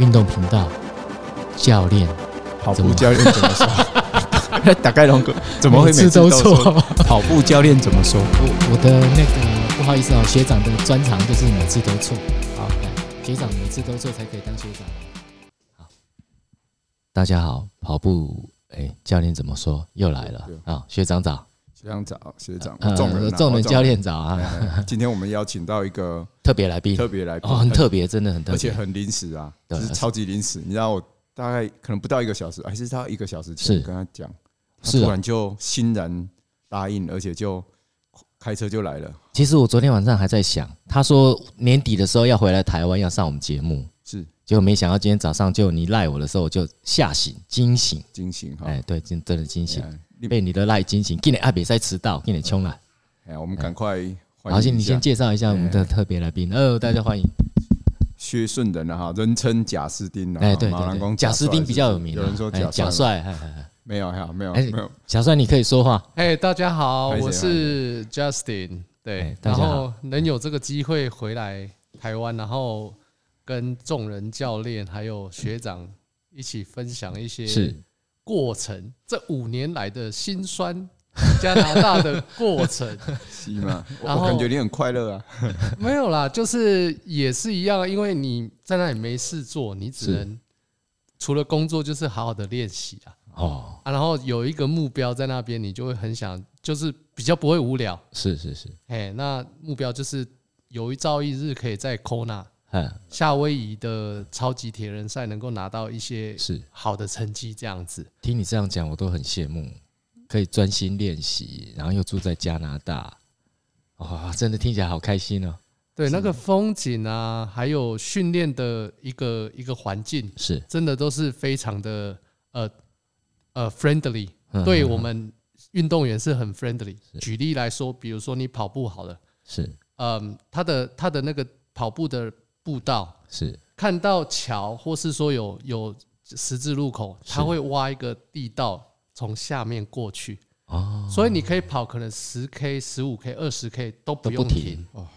運動頻道，教練，跑步教練怎麼，怎麼說？打開龍哥，怎麼會每次都錯？跑步教練怎麼說？我我的那個不好意思哦學長的專長就是每次都錯。好，來，學長每次都錯才可以當學長。好，大家好，跑步哎，教練怎麼說？又來了啊、哦，學長早。學長，學長，仲、呃仁，啊、仁教練早啊、哦！今天我們邀請到一個特別來賓， 特別來賓、哦，很特別，真的很特別，而且很臨時啊，就是超級臨時。你知道，我大概可能不到一個小時，還是到一個小時前跟他講，是突然就欣然答應，啊、而且就開車就來了。其實我昨天晚上還在想，他說年底的時候要回來台灣，要上我們節目，是，結果沒想到今天早上就你賴我的時候，就嚇醒、驚醒、驚醒，哎、欸，對，真真的驚醒。嗯嗯被你的賴驚醒，今天阿比賽遲到，今天衝了。我們趕快歡迎。好，先你先介紹一下我們的特別來賓呃、哎哦、大家歡迎。薛順仁啊，人稱賈斯丁賈、啊哎、斯丁比較有名、啊。有人說賈帥。沒有，沒、哎、有，沒有，沒、哎、有。賈帥，哎哎哎你，可哎、你可以說話。哎，大家好，我是 Justin 對。對、哎。然後能有這個機會回來台灣，然後跟眾人、教練還有學長一起分享一些過程，這五年來的辛酸，加拿大的過程是嗎？我感覺你很快樂啊，沒有啦，就是也是一樣，因為你在那裡沒事做，你只能除了工作就是好好的練習啊。哦，然後有一個目標在那邊，你就會很想，就是比較不會無聊。是是是，哎，那目標就是有一朝一日可以在科納。嗯，夏威夷的超級鐵人賽能夠拿到一些是好的成績，這樣子。聽你這樣講，我都很羨慕，可以專心練習，然後又住在加拿大，哇、哦，真的聽起來好開心哦。對，那個風景啊，還有訓練的一個一個環境，是真的都是非常的呃呃 friendly，嗯、對我們運動員是很 friendly 是。舉例來說，比如說你跑步好了，是嗯、呃，他的他的那個跑步的。步道是看到橋，或是說有有十字路口，他會挖一個地道從下面過去。哦，所以你可以跑，可能十 k、十五 k、二十 k 都不用停。停哦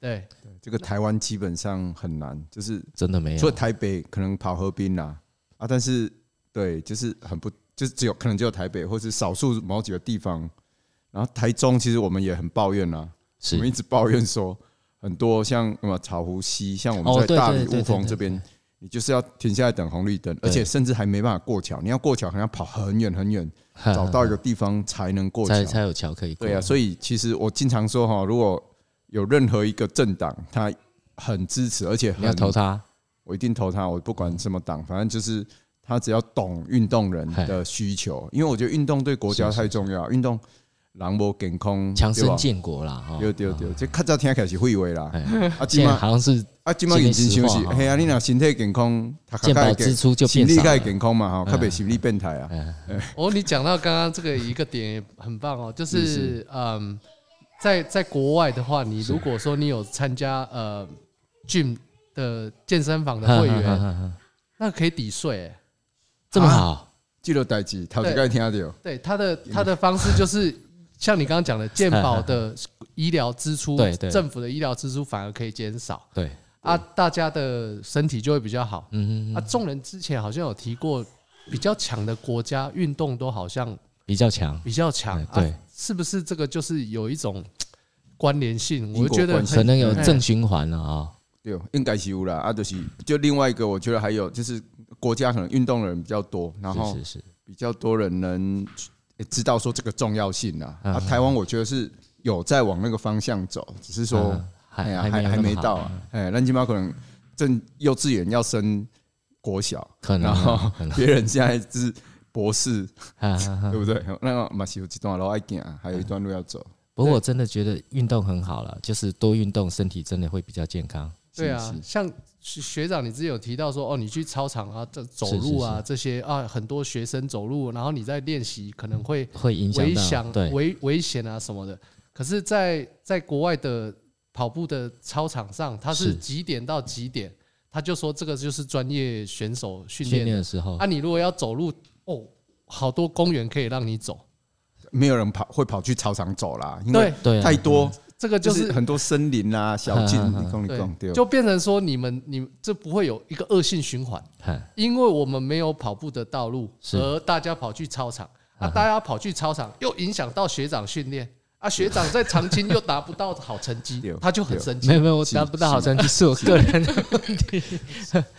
對，對，這個台灣基本上很難，就是真的沒有。所以台北可能跑河濱啦、啊，啊，但是對，就是很不，就只有可能只有台北，或是少數某幾個地方。然後台中其實我們也很抱怨啊，我們一直抱怨說。 很多像什麼草湖溪，像我們在大里、霧峰這邊，你就是要停下來等紅綠燈，而且甚至還沒辦法過橋。你要過橋，還要跑很遠很遠，找到一個地方才能過橋，才有橋可以過。對啊，所以其實我經常說哈，如果有任何一個政黨，他很支持，而且很要投他，我一定投他。我不管什麼黨，反正就是他只要懂運動人的需求，因為我覺得運動對國家太重要，運動。人無健康，強身健國啦對！對對對，啊、這口早聽起來是廢話啦！啊，金、啊、是,啊,是啊，金毛已經啊，你那身體健康，健保支出就變少。心理的健康嘛，哈、啊，特、喔、別、啊、心理變態啊！啊啊哦，你講到剛剛這個一個點很棒哦、喔，就是、是,是嗯，在在國外的話，你如果說你有參加呃 Gym 的健身房的會員，啊、那可以抵稅、欸，這麼好。記錄代記，他就該聽到。對,對他的他的方式就是。像你剛剛講的，健保的醫療支出，政府的醫療支出反而可以減少。對啊，大家的身體就會比較好。嗯嗯嗯。啊，仲仁之前好像有提過，比較強的國家運動都好像比較強，比較強。對，是不是這個就是有一種關聯性？我覺得可能有正循環了啊。對，應該是有啦。啊，就是就另外一個，我覺得還有就是國家可能運動的人比較多，然後比較多人能。也知道說這個重要性了啊，啊，台灣我覺得是有在往那個方向走，只是說還還、啊、還沒到啊，哎亂七八糟，可能正幼稚園要升國小，可能別人現在是博士、啊，對不對？那嘛，其實一段路還遠啊，還有一段路要走。不過我真的覺得運動很好了，就是多運動，身體真的會比較健康。對啊，像。學長，你之前有提到說，哦，你去操場啊，這走路啊，這些啊，很多學生走路，然後你在練習，可能會會影響危危險啊什麼的。可是在，在在國外的跑步的操場上，他是幾點到幾點，他就說這個就是專業選手訓練的,的時候。啊，你如果要走路，哦，好多公園可以讓你走，沒有人跑會跑去操場走啦，因為對,對、啊、太多、嗯。這個、就是、就是很多森林啊，小徑、uh -huh.，就變成說你們你這不會有一個惡性循環，uh -huh. 因為我們沒有跑步的道路，uh -huh. 而大家跑去操場，啊，大家跑去操場又影響到學長訓練，啊，學長在長青又達不到好成績，uh -huh. 啊、學長在長青又達不到好成績 他就很生氣。沒有沒有，我達不到好成績是,是我個人的問題，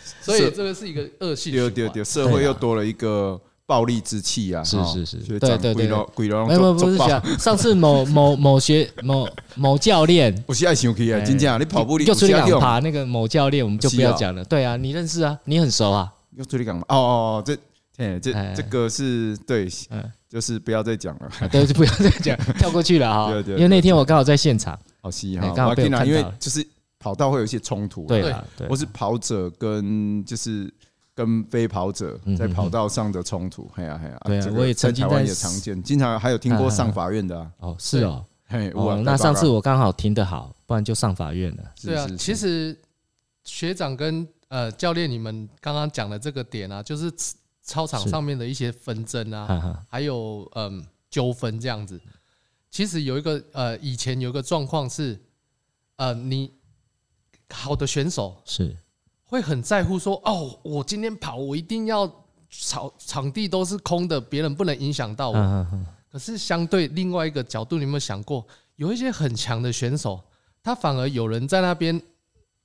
所以這個是一個惡性循環。社會又多了一個。暴戾之氣啊！是是是，對對對，對。沒有沒有，不是講、啊、上次某某某學某某教練，我是愛笑可以啊。今天啊，你跑步的又出力爬那個某教練，我們就不要講了、啊。對啊，你認識啊，你很熟啊，又出力感嗎？哦哦哦，這這哎哎這個是對，嗯、哎哎，就是不要再講了、啊，對，就不要再講， 跳過去了哈、喔。對對對，因為那天我剛好在現場，好稀哈，剛好被看、啊、因為就是跑道會有一些衝突，對啊，對我是跑者跟就是。跟飛跑者在跑道上的衝突，哎呀呀，對啊，啊，對啊，這個、我也曾經在，台灣也常見、啊，經常還有聽過上法院的啊。啊啊哦，是哦，嘿哦，那上次我剛好停得好，不然就上法院了。對、哦、啊，其實學長跟呃教練你們剛剛講的這個點啊，就是操場上面的一些紛爭啊，啊，還有嗯、呃、糾紛這樣子。其實有一個呃以前有一個狀況是呃你好的選手是。會很在乎說哦，我今天跑，我一定要場場地都是空的，別人不能影響到我，啊啊啊。可是相對另外一個角度，你有沒有想過，有一些很強的選手，他反而有人在那邊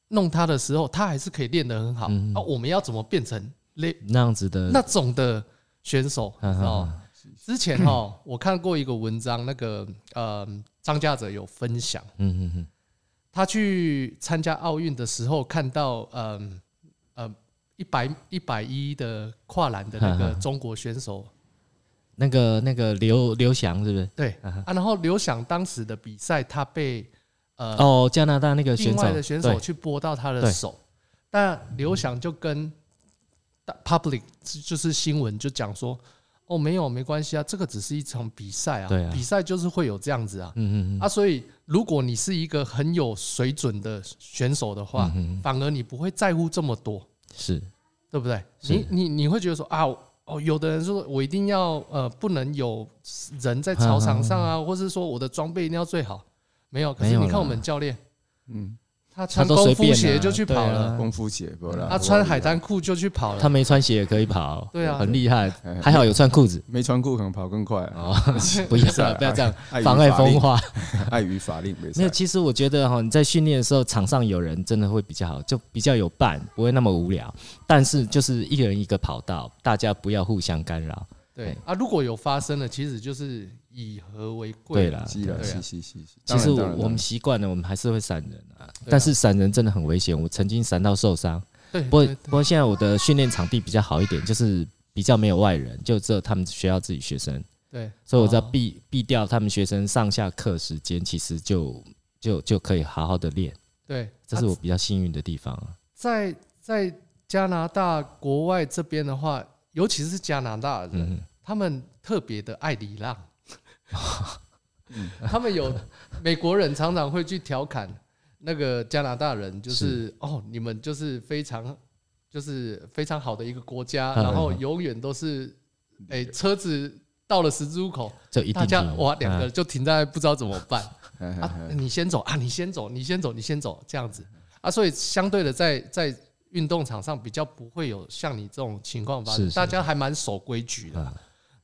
弄他的時候，他還是可以練得很好，嗯。啊，我們要怎麼變成那那樣子的、那種的選手？啊啊啊，之前哈、哦嗯，我看過一個文章，那個呃，張家哲有分享。嗯嗯嗯。他去參加奧運的時候，看到呃呃一百一百一的跨欄的那個中國選手， 那個那個劉劉翔是不是？對 啊，然後劉翔當時的比賽，他被呃哦加拿大那個另外的選手去撥到他的手，那劉翔就跟大 public 就是新聞就講說。哦，沒有，沒關係啊，這個只是一場比賽啊，啊，比賽就是會有這樣子啊，嗯、哼哼啊，所以如果你是一個很有水準的選手的話、嗯，反而你不會在乎這麼多，是，對不對？你你你會覺得說啊，哦，有的人說我一定要呃，不能有人在操場上啊，呵呵呵，或是說我的裝備一定要最好，沒有，可是你看我們教練，嗯。他穿功夫鞋就去跑了，啊、功夫鞋不啦？他、啊啊、穿海灘褲就去跑了。他沒穿鞋也可以跑，對啊，很厲害。還好有穿褲子，沒穿褲可能跑更快啊！ 不要， 不，要不要這樣， 妨礙風化，礙於法令沒事。 法 法 沒有，其實我覺得哈，你在訓練的時候，場上有人真的會比較好，就比較有伴，不會那麼無聊。但是就是一個人一個跑道，大家不要互相干擾。對，對，對啊，如果有發生了，其實就是。以和為貴，對啦，其實我們習慣了，我們還是會閃人啊。但是閃人真的很危險，我曾經閃到受傷。不過，對對對，不過現在我的訓練場地比較好一點，就是比較沒有外人，就只有他們學校自己學生。對，所以我只要避避掉他們學生上下課時間，其實就就就可以好好的練。對，這是我比較幸運的地方啊。在在加拿大國外這邊的話，尤其是加拿大人，嗯、他們特別的愛禮讓。 嗯、他們有美國人常常會去調侃那個加拿大人，就是，是哦，你們就是非常就是非常好的一個國家， 嗯、然後永遠都是哎、欸、車子到了十字路口，一定大家哇兩個就停在不知道怎麼辦、 嗯、啊，你先走啊，你先走，你先走，你先走，這樣子啊，所以相對的在在運動場上比較不會有像你這種情況發生，是是大家還蠻守規矩的。嗯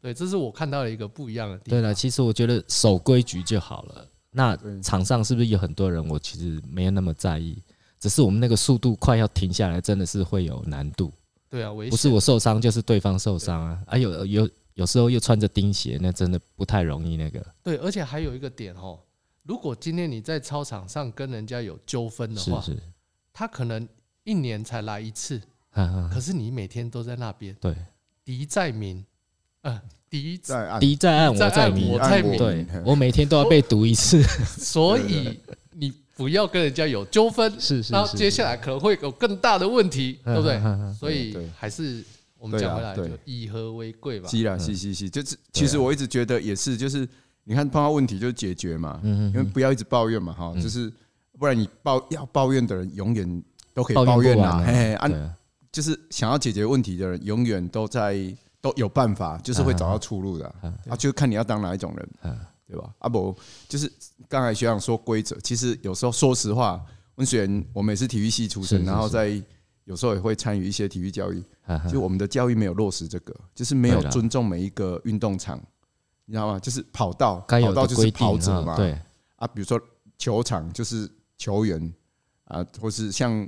對，這是我看到的一個不一樣的地方。對了，其實我覺得守規矩就好了。那場上是不是有很多人？我其實沒有那麼在意，只是我們那個速度快，要停下來真的是會有難度。對啊，不是我受傷，就是對方受傷啊。哎、啊，有有有時候又穿着釘鞋，那真的不太容易那個。對，而且還有一個點哦、喔，如果今天你在操場上跟人家有糾紛的話是是，他可能一年才來一次，啊啊可是你每天都在那邊。對，敵在明。嗯、呃。敵在敵在暗，我在明。我在明。對，我每天都要被毒一次、哦。 所以你不要跟人家有糾紛，然後接下來可能會有更大的問題，是是是對不對？是是是所以還是我們講回來，就以和為貴吧、啊。是啊、啊，是，是，是，就是其實我一直覺得也是，就是你看碰到問題就解決嘛，因為不要一直抱怨嘛，哈，就是不然你抱要抱怨的人永遠都可以抱怨，啦抱怨嘿嘿啊，啊，就是想要解決問題的人永遠都在。都有辦法，就是會找到出路的啊！就看你要當哪一種人，對吧？啊不，就是剛才學長說規則，其實有時候說實話，雖然，我們也是體育系出身，然後在有時候也會參與一些體育教育，就我們的教育沒有落實這個，就是沒有尊重每一個運動場，你知道嗎？就是跑道，跑道就是跑者嘛，對啊，比如說球場就是球員啊，或是像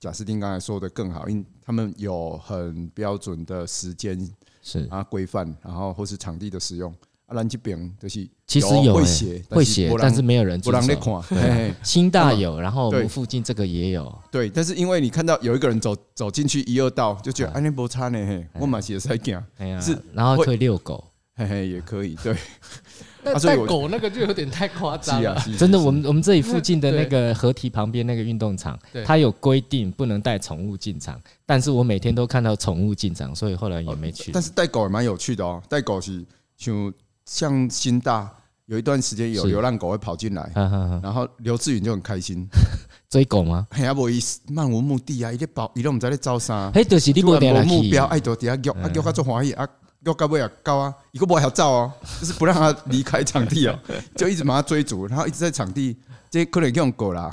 賈斯汀剛才說的更好，因為他們有很標準的時間。是啊，規範，然後或是場地的使用啊，垃圾這邊就是其實有會寫會寫，但是沒人但是沒有人不讓你看，啊啊。新大有，啊，然後我們附近這個也有對。對，但是因為你看到有一個人走走進去一二道，就覺得哎你，啊啊、不差呢，我買些是、啊、是，然後可以遛狗，嘿嘿、啊，也可以對。 帶狗那個就有點太誇張了，真的。我們我們這裡附近的那個河堤旁邊那個運動場，它有規定不能帶寵物進場，但是我每天都看到寵物進場，所以後來也沒去。但是帶狗也蠻有趣的哦，帶狗是像新大有一段時間有流浪狗會跑進來，然後劉志雲就很開心 追狗嗎？哎呀、喔， 不意思，漫無目的啊，伊咧跑，伊攏唔在咧招殺。哎，就是你沒沒目標，哎，到底阿叫阿叫，佮做歡喜啊。要搞不呀搞啊，一個不還要照啊，就是不讓他離開場地啊，就一直把他追逐，然後一直在場地。你可能用狗啦，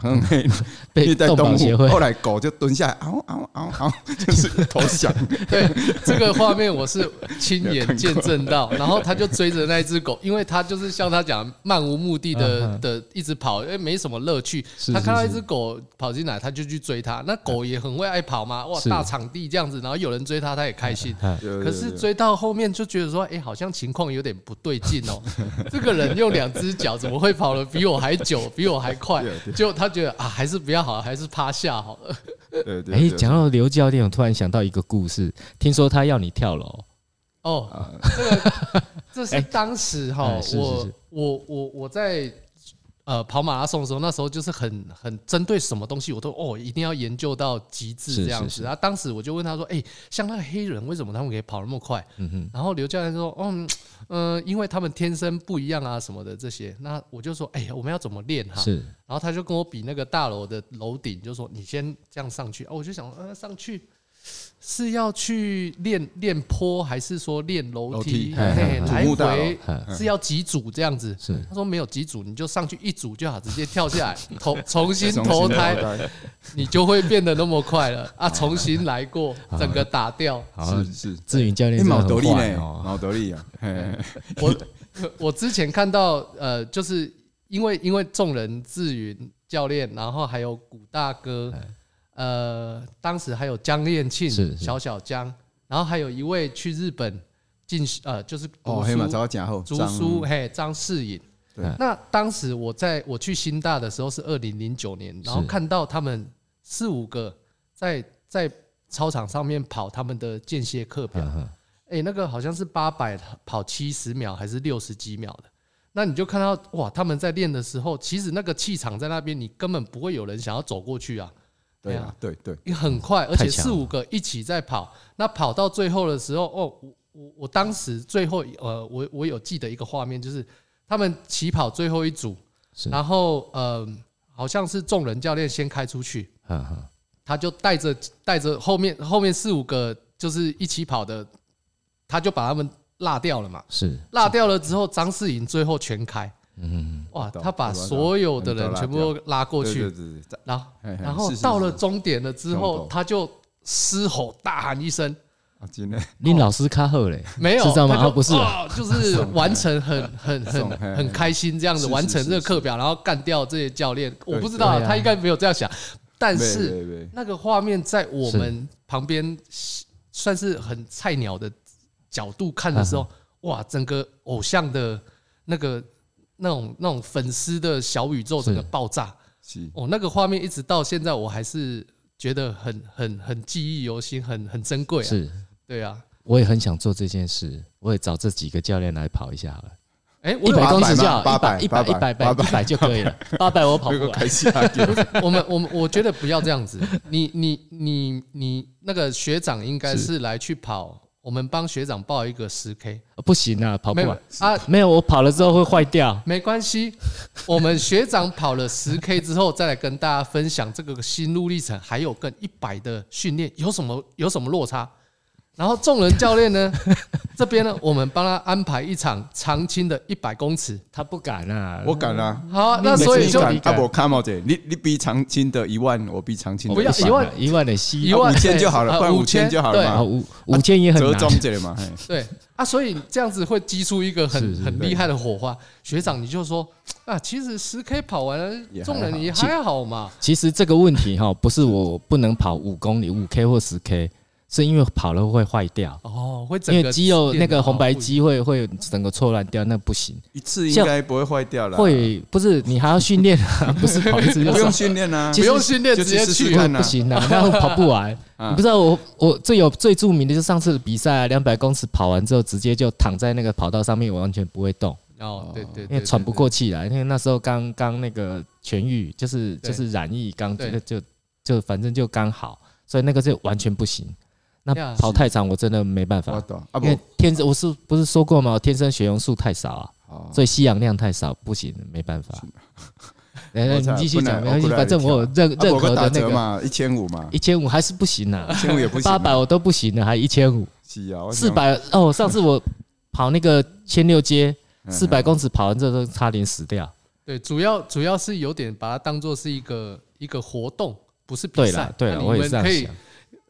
虐待動物。後來狗就蹲下來，嗷嗷嗷嗷，就是投降。對，這個畫面我是親眼見證到。然後他就追着那只狗，因為他就是像他講，漫無目的的的一直跑，因為沒什麼樂趣。他看到一只狗跑進來，他就去追他。那狗也很會愛跑嘛，哇，大場地這樣子，然後有人追他，他也開心。可是追到後面就覺得說，哎，好像情況有點不對勁哦。這個人用兩只腳，怎麼會跑得比我還久，比我還久？快，就他覺得啊，還是不要好了，還是趴下好了。哎、 欸，講到劉教練，我突然想到一個故事，聽說他要你跳樓。哦、oh, uh, 這個，這是當時哈、 欸，我我我，我在。呃，跑馬拉松的時候，那時候就是很很針對什麼東西，我都哦一定要研究到極致這樣子。然後、啊、當時我就問他說：“哎、欸，像那個黑人為什麼他們可以跑那麼快？”嗯哼。然後劉教練說：“嗯嗯、呃，因為他們天生不一樣啊什麼的這些。”那我就說：“哎、欸，我們要怎麼練哈？”是。然後他就跟我比那個大樓的樓頂，就說：“你先這樣上去。”哦，我就想：“呃，上去。”是要去練練坡，還是說練樓梯？樓梯嘿嘿嘿嘿嘿嘿，來回是要幾組這樣子嘿嘿？是。他說沒有幾組，你就上去一組就好，直接跳下來，投，重新投胎。 投胎 你就會變得那麼快了 啊，啊！重新來過，啊、整個打掉。啊、是是，是，志雲教練、欸。你蠻得力內、欸、哦，蠻得力啊。嘿嘿嘿我 我之前看到呃，就是因為因為仲仁志雲教練，然後還有古大哥。呃，當時還有江彥慶，小小江，然後還有一位去日本進呃，就是哦黑馬找到書嘿張世穎。對，那當時我在我去新大的時候是二零零九年，然後看到他們四五個在在操場上面跑他們的間歇課表，哎、啊欸，那個好像是八百跑七十秒還是六十幾秒的，那你就看到哇，他們在練的時候，其實那個氣場在那邊，你根本不會有人想要走過去啊。對呀、啊，對對，也很快，而且四五個一起在跑。那跑到最後的時候，哦，我我我當時最後呃，我我有記得一個畫面，就是他們起跑最後一組，然後呃，好像是仲仁教練先開出去，嗯、啊，他就帶着帶着後面後面四五個就是一起跑的，他就把他們落掉了嘛，是落掉了之後，張世穎最後全開。嗯，哇！他把所有的人全部拉，對對對對拉過去，然後是是是是到了終點了之後，他就嘶吼大喊一聲：“啊！今天你老師卡後嘞，沒有知道嗎？”他啊、不是、啊， 就是完成很很 很很，很開心這樣子 是是是是完成這個課表，然後幹掉這些教練。是是是我不知道是是是他應該沒有這樣想，但是那個畫面在我們旁邊算是很菜鳥的角度看的時候， 哇！整個偶像的那個。那種那種粉絲的小宇宙真的爆炸，哦，那個畫面一直到現在我還是覺得很很很記憶猶新，很很珍貴、啊。是，對啊，我也很想做這件事，我也找這幾個教練來跑一下好了。哎、欸，一百公里叫八百，一百一百一百就可以了。八百我跑不來。 了 我們我們我覺得不要這樣子， 你你你你那個學長應該是來去跑。我們幫學長報一個十 K。哦，不行啊，跑不完啊，沒有，我跑了之後會壞掉啊。沒關係， 我們學長跑了十 K 之後，再來跟大家分享這個心路歷程，還有跟一百的訓練有什麼有什麼落差。然後仲仁教練呢，這邊呢，我們幫他安排一場長青的一百公尺，他不敢啊，我敢啊。好啊，那所以兄弟阿伯，卡毛姐，你你、啊、你比長青的一萬，我比長青不要一萬，一萬的稀，一五千就好了，快五千就好了嘛，五五千也折中點嘛。對啊，啊，所以這樣子會激出一個很很厲害的火花。學長，你就說啊，其實十 K 跑完仲仁也還好嘛。其實這個問題哈，不是我不能跑五公里，五 K 或十 K。是因為跑了會壞掉哦，會整個因為肌肉那個紅白肌會會，會，會整個錯亂掉，那不行。一次應該不會壞掉了、啊會，會不是你還要訓練啊？ 你不是跑一次不用訓練啊？不用訓練、啊、直，直接去看、啊，不行啊，那我跑不完。啊、你不知道我我最有最著名的就是上次的比賽兩百公尺跑完之後，直接就躺在那個跑道上面，我完全不會動。哦，對對，對，對、呃，因為喘不過氣來，因為那時候剛剛那個痊癒，就是就是染疫剛就就反正就剛好，所以那個就完全不行。嗯那跑太長我真的沒辦法，因為天生我是不是說過嗎？天生血紅素太少啊，所以吸氧量太少，不行，沒辦法。你繼續講，反正我有任何任何的那個一千五嘛，一千五還是不行啊，八百我都不行了、啊，還一千五，四百哦，上次我跑那個千六街，四百公尺跑完之後差點死掉。對，主要主要是有點把它當做是一個一個活動，不是比賽。對，我也是這樣想。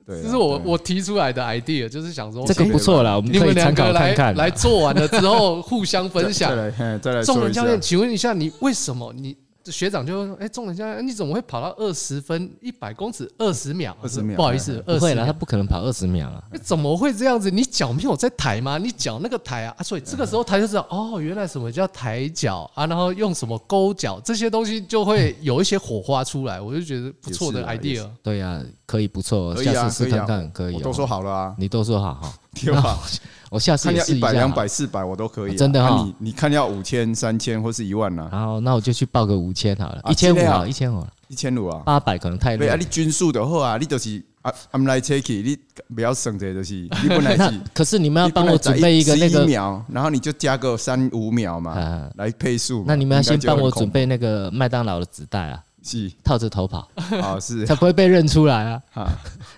對啊、這是我對、啊對啊、我提出來的 idea，就是想說這個不錯啦，啦，你們兩個來來做完了之後 互相分享。對，對。再來。仲仁教練，請問一下，你為什麼你？學長就說：“哎、欸，仲仁啊，你怎麼會跑到二十分一百公尺二十秒、啊、秒？不好意思，二十了，他不可能跑二十秒啊、欸，怎麼會這樣子？你腳沒有在抬嗎？你腳那個抬啊？所以這個時候抬就知道、啊，對對對哦，原來什麼叫抬腳啊？然後用什麼勾腳這些東西就會有一些火花出來。我就覺得不錯的 idea、啊。對啊，可以不錯，下次試看看可以都說好了啊，你都說好哈，挺好 我下次也試一下，一百、兩百、四百我都可以、啊。啊、真的、哦、啊，你你看要五千、三千或是一萬呢、啊？然後那我就去報個五千好了，一千五，一千五，一千五啊。八百、啊、可能太累了。對啊，你均速的話啊，你就是啊，I'm like taking 你不要省這東西。你看，可是你們要幫我準備一個那個秒，然後你就加個三五秒嘛，來配速、啊。那你們要先幫我準備那個麥當勞的紙袋啊。是套着頭跑，啊、是、啊，才不會被認出來啊，啊啊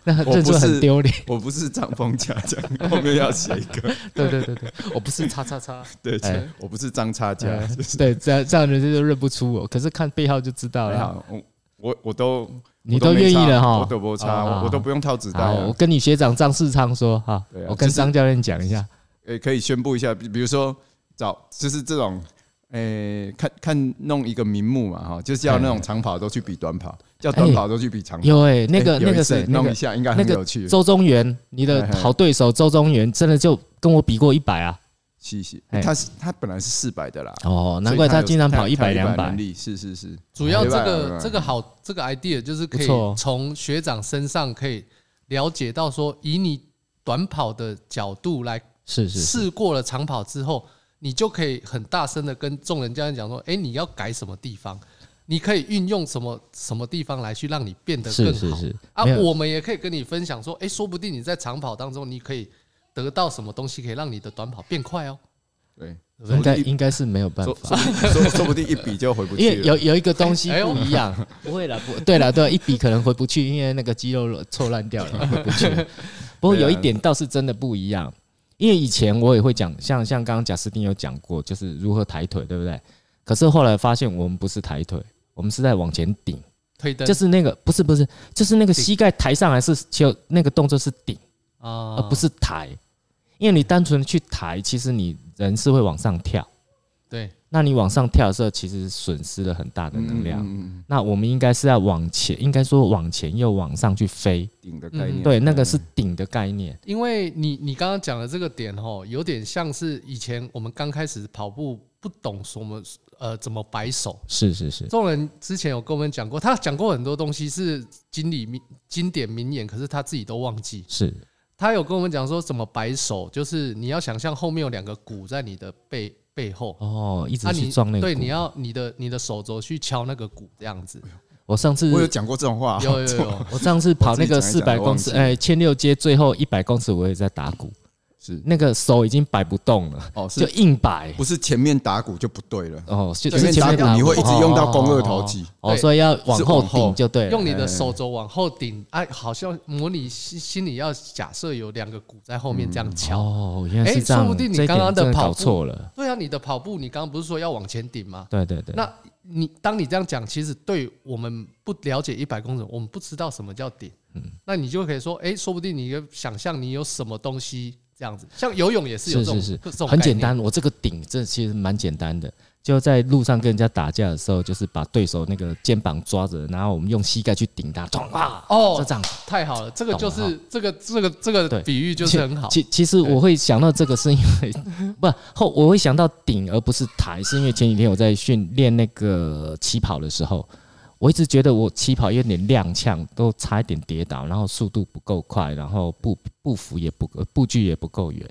那這就很丟臉。我不是張峰家家，我假假假 後面要寫一個。 對對對對，我不是張叉叉。對、欸，我不是張叉家。對，這樣這樣人家就認不出我，可是看背後就知道了。欸、我我都，我都你都願意了哈？我都沒差、哦哦、我都不用套紙袋。我跟你學長張世昌說哈、啊啊，我跟張教練講一下、就是，誒、欸，可以宣布一下，比如說找就是這種。誒、欸，看看弄一個名目嘛，哈，就是叫那種長跑都去比短跑，欸、叫短跑都去比長跑。欸欸、有誒、欸，那個那個誰，欸、一弄一下，那個、應該很有趣、那個。那個、周中原，你的好對手，周中原真的就跟我比過一百啊！謝謝、欸欸，他是他本來是四百的啦。哦，難怪他經常跑一百兩百。是是是，主要這個、啊、這個好這個 idea 就是可以從學長身上可以了解到說，以你短跑的角度來試過了長跑之後。是是是你就可以很大聲的跟仲仁教練講說：“誒、欸，你要改什麼地方？你可以運用什麼什麼地方來去讓你變得更好？是是是啊，我們也可以跟你分享說：誒、欸，說不定你在長跑當中，你可以得到什麼東西，可以讓你的短跑變快哦。對，應該應該是沒有辦法，說說，說不定一比就回不去 有有一個東西不一樣，哎、 不會了。不對了，對啦，對啦，一比可能回不去，因為那個肌肉臭爛掉了，回不去。 不過有一點倒是真的不一樣。”因為以前我也會講，像像剛剛賈斯汀有講過，就是如何抬腿，對不對？可是後來發現我們不是抬腿，我們是在往前頂，推蹬，就是那個不是不是，就是那個膝蓋抬上來是就那個動作是頂而不是抬，因為你單純去抬，其實你人是會往上跳，對。那你往上跳的時候，其實損失了很大的能量、嗯。那我們應該是要往前，應該說往前又往上去飛。頂的概念、嗯，對，那個是頂的概念、嗯。因為你你剛剛講的這個點哦，有點像是以前我們剛開始跑步不懂什麼呃怎麼擺手。是是是，仲仁之前有跟我們講過，他講過很多東西是經典名經典名言，可是他自己都忘記。是，是，他有跟我們講說怎麼擺手，就是你要想象後面有兩個鼓在你的背。背後哦，一直去撞那個、啊、對，你要你的你的手肘去敲那個鼓這樣子。我上次我有講過這種話、哦，有有有，我上次跑那個四百公尺，哎，千六街最後一百公尺，我也在打鼓。是那個手已經擺不動了，哦，就硬擺，不是前面打鼓就不對了，哦，就是前面打鼓你會一直用到肱二頭肌，哦，所以要往後頂就對，用你的手肘往後頂，哎、啊，好像模擬心，心裡要假設有兩個鼓在後面這樣敲、嗯，哦、欸，原來是這樣，說不定你剛剛的跑錯了，對啊，你的跑步你剛剛不是說要往前頂嗎？對對對，那你當你這樣講，其實對我們不了解一百公尺，我們不知道什麼叫頂，嗯、那你就可以說，哎、欸，說不定你想象你有什麼東西。這樣子，像游泳也是有是是是，很簡單。很簡單，我這個頂這其實蠻簡單的，就在路上跟人家打架的時候，就是把對手那個肩膀抓着，然後我們用膝蓋去頂他，撞啊！哦，就這樣太好了，這個就是、啊、這個這個這個比喻就是很好。其其，其實我會想到這個是因為 不後我會想到頂而不是抬，是因為前幾天我在訓練那個起跑的時候。我一直覺得我起跑有點踉蹌，都差一點跌倒，然後速度不夠快，然後步步幅也不夠，步距也不夠遠。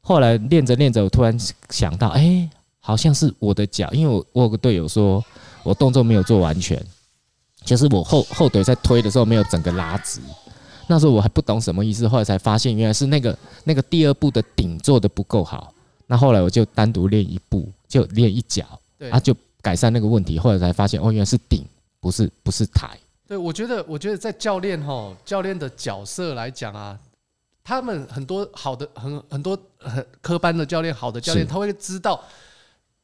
後來練着練着，我突然想到，哎、欸，好像是我的腳，因為我我有個隊友說，我動作沒有做完全，就是我後後腿在推的時候沒有整個拉直。那時候我還不懂什麼意思，後來才發現原來是那個那個第二步的頂做得不夠好。那後來我就單獨練一步，就練一腳，啊，就改善那個問題。後來才發現，哦，原來是頂。不是不是台，對我覺得，我覺得在教練哈，教練的角色來講啊，他們很多好的很很多很科班的教練，好的教練他會知道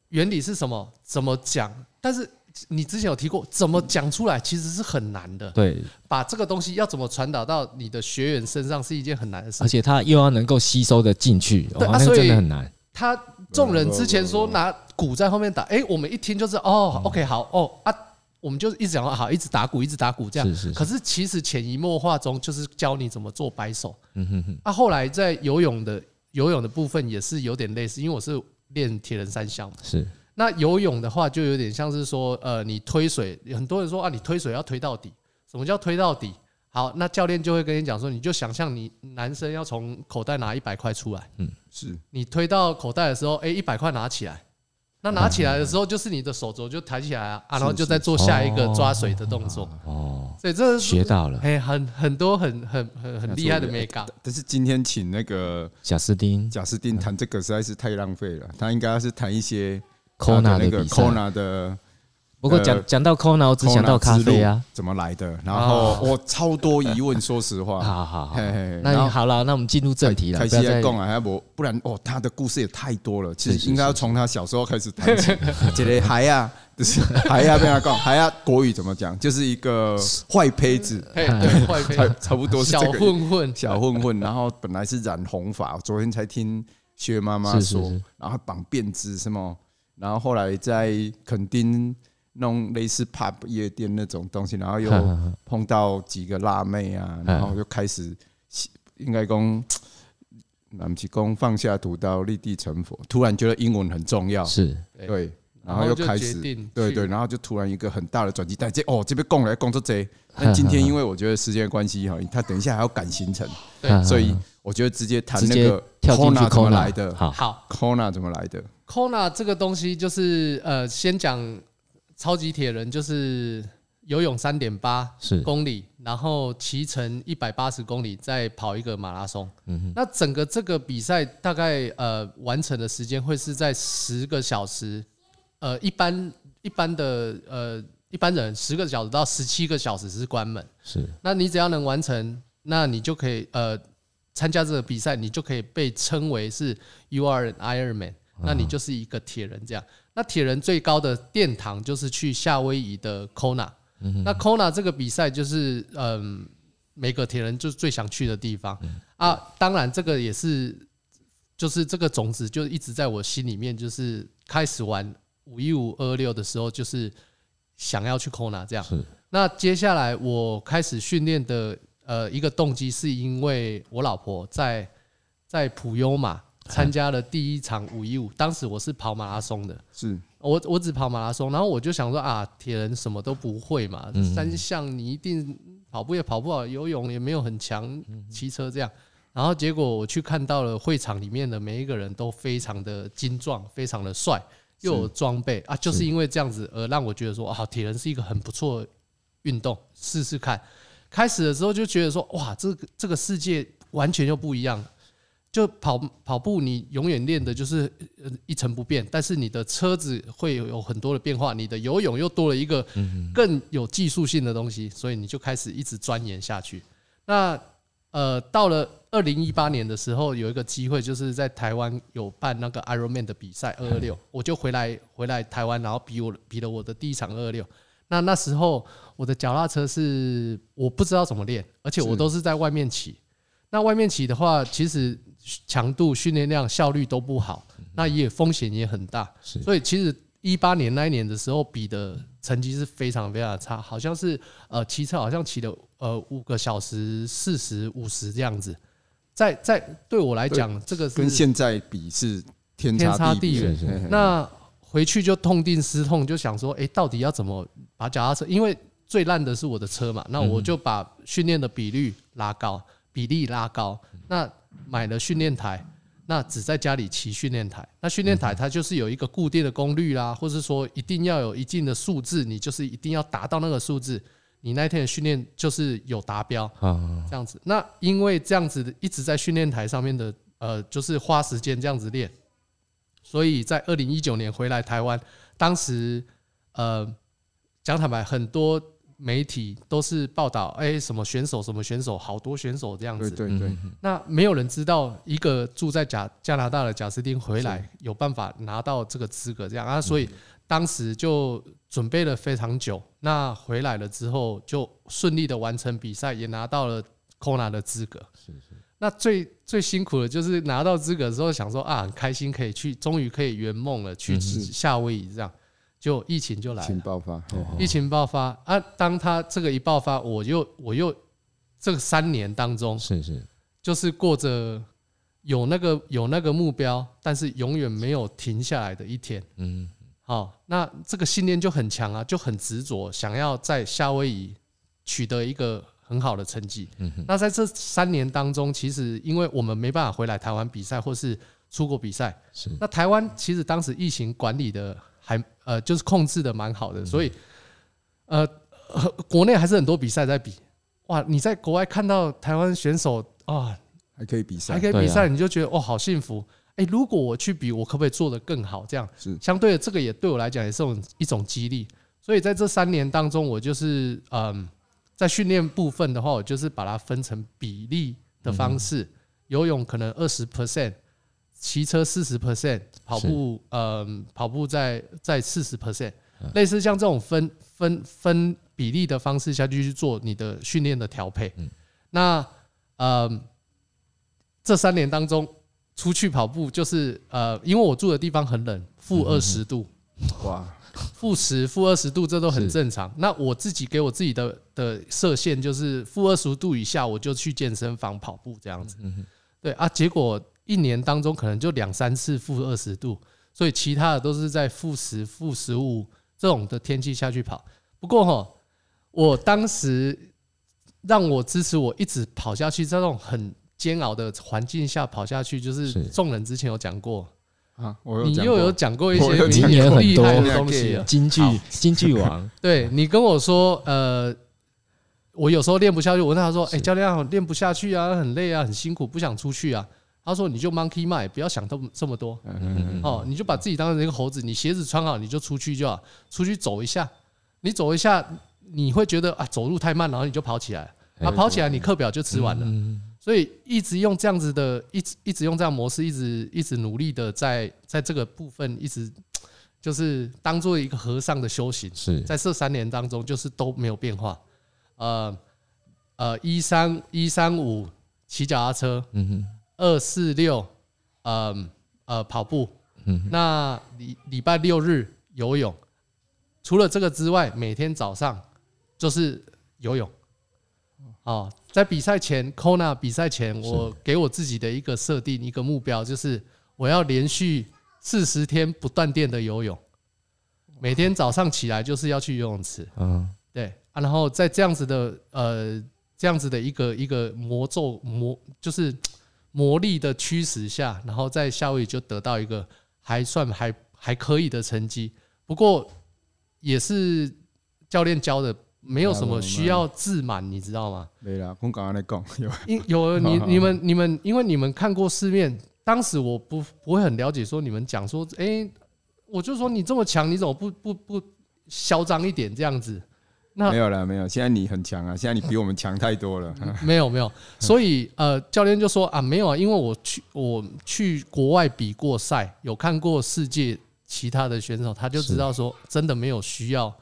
原理是什麼，怎麼講。但是你之前有提過，怎麼講出來其實是很難的。對，把這個東西要怎麼傳導到你的學員身上是一件很難的事，而且他又要能夠吸收的進去，那真的很難。他仲仁之前說拿鼓在後面打，哎，我們一聽就是哦，OK，好哦啊。我們就一直講話，好，一直打鼓，一直打鼓這樣。可是其實潛移默化中就是教你怎麼做擺手。嗯哼哼。那後來在游泳的游泳的部分也是有點類似，因為我是練鐵人三項嘛。是。那游泳的話就有點像是說，呃，你推水，很多人說啊，你推水要推到底。什麼叫推到底？好，那教練就會跟你講說，你就想象你男生要從口袋拿一百塊出來。嗯，是。你推到口袋的時候，哎、欸，一百塊拿起來。那拿起來的時候，就是你的手肘就抬起來啊，然後就在做下一個抓水的動作。哦，所以這是學到了，哎、欸，很很多很很很很厲害的美感。但是今天請那個賈斯汀，賈斯汀談這個實在是太浪費了，他應該是談一些 Kona 那個 Kona 的。不過講講到 Kona，我只想到咖啡啊，怎麼來的？然後我超多疑問，說實話。好好好，那好了，那我們進入正題了。開始在講啊，不然哦，他的故事也太多了。其實應該要從他小時候開始談起。這裡孩啊，就是孩啊，不要講孩啊，國語怎麼講？就是一個壞胚子，差差不多是小混混，小混混。然後本來是染紅髮，昨天才聽薛媽媽說，然後綁辮子是嗎？然後後來在墾丁。弄類似 pub 夜店那種東西，然後又碰到幾個辣妹啊，然後又開始應該講們齊公放下屠刀立地成佛，突然覺得英文很重要，是對，然後又開始對對，然後就突然一個很大的轉機，但這哦、喔、這邊供來工作賊，那今天因為我覺得時間關係好他等一下還要趕行程，所以我覺得直接談那個 Kona 怎麼來的，好 Kona 怎麼來的 Kona 這個東西就是呃先講。超級鐵人就是游泳三點八公里，然後騎乘一百八十公里，再跑一個馬拉松。嗯，那整個這個比賽大概呃完成的時間會是在十個小時。呃，一般一般的呃一般人十個小時到十七個小時是關門。是，那你只要能完成，那你就可以呃參加這個比賽，你就可以被稱為是 You are an Iron Man，嗯。那你就是一個鐵人這樣。那鐵人最高的殿堂就是去夏威夷的 Kona，、嗯、那 Kona 這個比賽就是，嗯、呃，每個鐵人就是最想去的地方、嗯、啊。當然，這個也是，就是這個種子就一直在我心裡面，就是開始玩五一五二六的時候，就是想要去 Kona 這樣。是那接下來我開始訓練的，呃，一個動機是因為我老婆在在普悠嘛。參加了第一場五一五。當時我是跑馬拉松的，是我我只跑馬拉松，然後我就想說啊，鐵人什麼都不會嘛，嗯、三項你一定跑步也跑不好，游泳也沒有很強，騎、嗯、車這樣，然後結果我去看到了會場裡面的每一個人都非常的精壯，非常的帥，又有裝備啊，就是因為這樣子而讓我覺得說啊，鐵人是一個很不錯的運動，試試看。開始的時候就覺得說哇，這個這個世界完全就不一樣。就跑跑步，你永遠練的就是一成不變，但是你的車子會有很多的變化，你的游泳又多了一個更有技術性的東西，所以你就開始一直鑽研下去那。那呃，到了二零一八年的時候，有一個機會就是在台灣有辦那個 Ironman 的比賽二二六，我就回來回來台灣，然後比我比了我的第一場二二六。那那時候我的腳踏車是我不知道怎麼練，而且我都是在外面騎。那外面騎的話，其實。強度、訓練量、效率都不好，那也風險也很大。所以其實一八年那一年的時候，比的成績是非常非常差，好像是呃騎車好像騎了呃五個小時四十五十這樣子。在在對我來講，這個是跟現在比是天差地遠。那回去就痛定思痛，就想說，哎、欸，到底要怎麼把腳踏車？因為最爛的是我的車嘛，那我就把訓練的比率拉高、嗯，比例拉高。那買了訓練台，那只在家裡騎訓練台。那訓練台它就是有一個固定的功率啦、啊嗯，或者說一定要有一定的數字，你就是一定要達到那個數字，你那天的訓練就是有達標啊啊啊這樣子。那因為這樣子的一直在訓練台上面的，呃，就是花時間這樣子練，所以在二零一九年回來台灣，當時呃講坦白，很多。媒體都是報道，哎、欸，什麼選手，什麼選手，好多選手這樣子。對對對。那沒有人知道，一個住在加加拿大的賈斯汀回來有辦法拿到這個資格，這樣啊。所以當時就準備了非常久。那回來了之後，就順利的完成比賽，也拿到了 Kona 的資格。是是。那最最辛苦的就是拿到資格之後，想說啊，很開心可以去，終於可以圓夢了，去夏威夷這樣。就疫情就來了，疫情爆發，疫情爆發啊！當他這個一爆發，我又我又這三年當中是是，就是過着有那個有那個目標，但是永遠沒有停下來的一天。嗯，好，那這個信念就很強啊，就很執着，想要在夏威夷取得一個很好的成績。嗯，那在這三年當中，其實因為我們沒辦法回來台灣比賽，或是出國比賽，是那台灣其實當時疫情管理的。還呃，就是控制的蠻好的，所以呃，國內還是很多比賽在比哇。你在國外看到台灣選手啊，哦，還可以比賽，還可以比賽，你就覺得、啊、哦，好幸福哎、欸。如果我去比，我可不可以做得更好？這樣是相對的這個也對我來講也是一種一種激勵。所以在這三年當中，我就是嗯，在訓練部分的話，我就是把它分成比例的方式，游泳可能二十 percent。騎車四十 percent，跑步，嗯、呃，跑步在在四十 percent，類似像這種分分分比例的方式下去去做你的訓練的調配。嗯、那呃，這三年當中出去跑步就是呃，因為我住的地方很冷，負二十度、嗯哼哼，哇，負十、負二十度這都很正常。那我自己給我自己的的設限就是負二十度以下，我就去健身房跑步這樣子。嗯、對啊，結果。一年當中可能就兩三次負二十度，所以其他的都是在負十、負十五這種的天氣下去跑。不過哈，我當時讓我支持我一直跑下去，在這種很煎熬的環境下跑下去，就是眾人之前有講過啊，你又有講過一些今年很多的東西，京劇，京劇王。對你跟我說，呃，我有時候練不下去，我跟他說，哎，教練啊，我練不下去啊，很累啊，很辛苦，不想出去啊。他說：“你就 monkey mind，不要想這麼這麼多。嗯嗯嗯。哦，你就把自己當成一個猴子，你鞋子穿好，你就出去就好。出去走一下，你走一下，你會覺得啊，走路太慢，然後你就跑起來。啊，跑起來，你課表就吃完了。所以一直用這樣子的，一直一直用這樣模式，一直一直努力的在在這個部分，一直就是當做一個和尚的修行。是在這三年當中，就是都沒有變化。呃呃，一三一三五騎腳踏車，嗯二四六，嗯呃，跑步，嗯，那禮禮拜六日游泳，除了這個之外，每天早上就是游泳，哦，在比賽前，Kona 比賽前，我給我自己的一個設定，一個目標，就是我要連續四十天不斷電的游泳，每天早上起來就是要去游泳池，嗯，對啊，然後在這樣子的呃，這樣子的一個一個魔咒魔就是。磨礪的驅使下，然後在夏威夷就得到一個還算還還可以的成績，不過也是教練教的，沒有什麼需要自滿，你知道嗎？對了，我剛剛講，有有你你們， 你們你們，因為你們看過世面，當時我不不會很了解，說你們講說，哎、欸，我就說你這麼強，你怎麼不不不囂張一點這樣子？沒有了，沒有。現在你很強啊，現在你比我們強太多了。嗯。沒有，沒有。所以，呃，教練就說啊，沒有啊，因為我去我去國外比過賽，有看過世界其他的選手，他就知道說，真的沒有需要，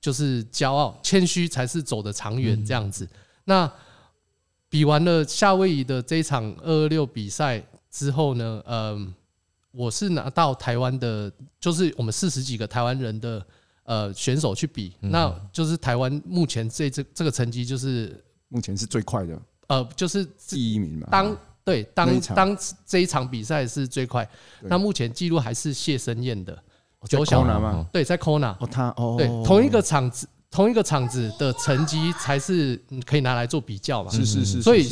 就是驕傲，謙虛才是走得長遠這樣子。嗯。那比完了夏威夷的這場二二六比賽之後呢，呃，我是拿到台灣的，就是我們四十幾個台灣人的。呃，選手去比，嗯、那就是台灣目前這這這個成績就是、呃就是、目前是最快的，呃，就是第一名嘛。當對當當這一場比賽是最快，那目前記錄還是謝生燕的九小南嘛？對，在 Kona 哦，他哦，對，同一個場子，同一個場子的成績才是你可以拿來做比較嘛。嗯、是，是，是是是，所以